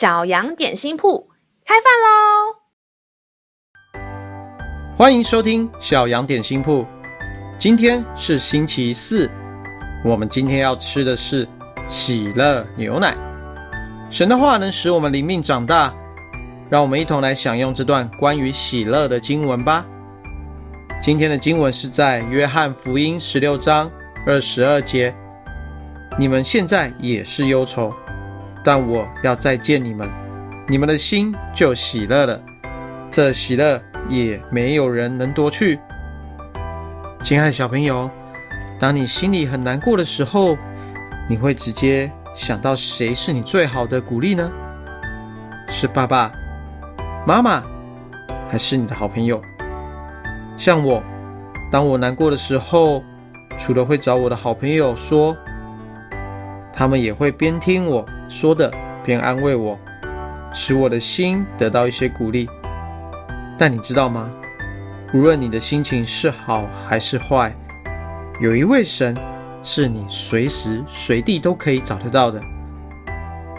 小羊點心鋪開飯嘍！歡迎收聽小羊點心鋪。今天是星期四，我們今天要吃的是喜樂牛奶。神的話能使我們靈命長大，讓我們一同來享用這段關於喜樂的經文吧。今天的經文是在約翰福音十六章二十二節，你們現在也是憂愁。但我要再見你們，你們的心就喜樂了，這喜樂也沒有人能奪去。親愛的小朋友，當你心裡很難過的時候，你會直接想到誰是你最好的鼓勵呢？是爸爸、媽媽，還是你的好朋友？像我，當我難過的時候，除了會找我的好朋友說。他們也會邊聽我說的，邊安慰我，使我的心得到一些鼓勵。但你知道嗎？無論你的心情是好還是壞，有一位神是你隨時隨地都可以找得到的。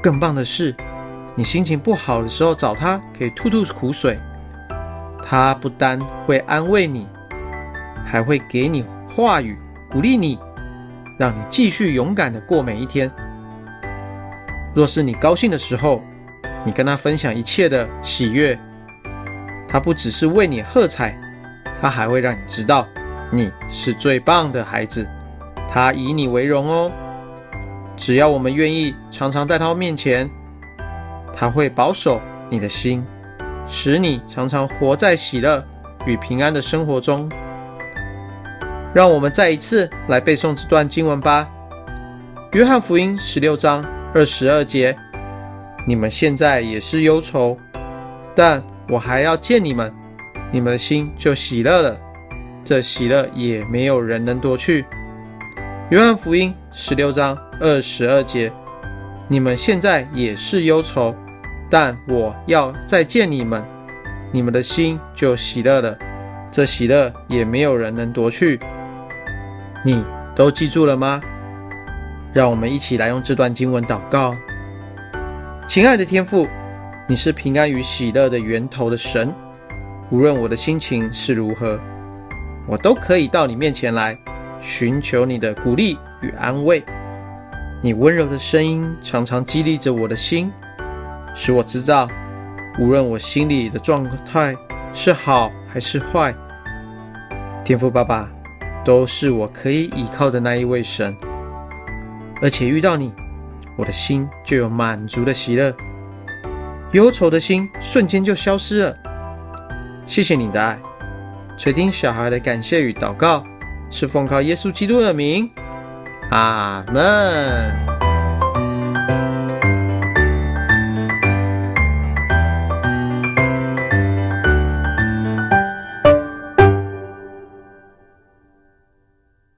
更棒的是，你心情不好的時候找他，可以吐吐苦水。他不單會安慰你，還會給你話語，鼓勵你。讓你繼續勇敢地過每一天。若是你高興的時候，你跟他分享一切的喜悅，他不只是為你喝彩，他還會讓你知道你是最棒的孩子，他以你為榮哦。只要我們願意常常在他面前，他會保守你的心，使你常常活在喜樂與平安的生活中。讓我們再一次來背誦這段經文吧，《約翰福音》十六章二十二節：你們現在也是憂愁，但我還要見你們，你們的心就喜樂了，這喜樂也沒有人能奪去。《約翰福音》十六章二十二節：你們現在也是憂愁，但我要再見你們，你們的心就喜樂了，這喜樂也沒有人能奪去。你都記住了嗎？讓我們一起來用這段經文禱告。親愛的天父，你是平安與喜樂的源頭的神，無論我的心情是如何，我都可以到你面前來尋求你的鼓勵與安慰。你溫柔的聲音常常激勵着我的心，使我知道，無論我心裡的狀態是好還是壞。天父爸爸，都是我可以依靠的那一位神，而且遇到你，我的心就有滿足的喜樂，憂愁的心瞬間就消失了。謝謝你的愛，垂聽小孩的感謝與禱告，是奉靠耶穌基督的名，阿門。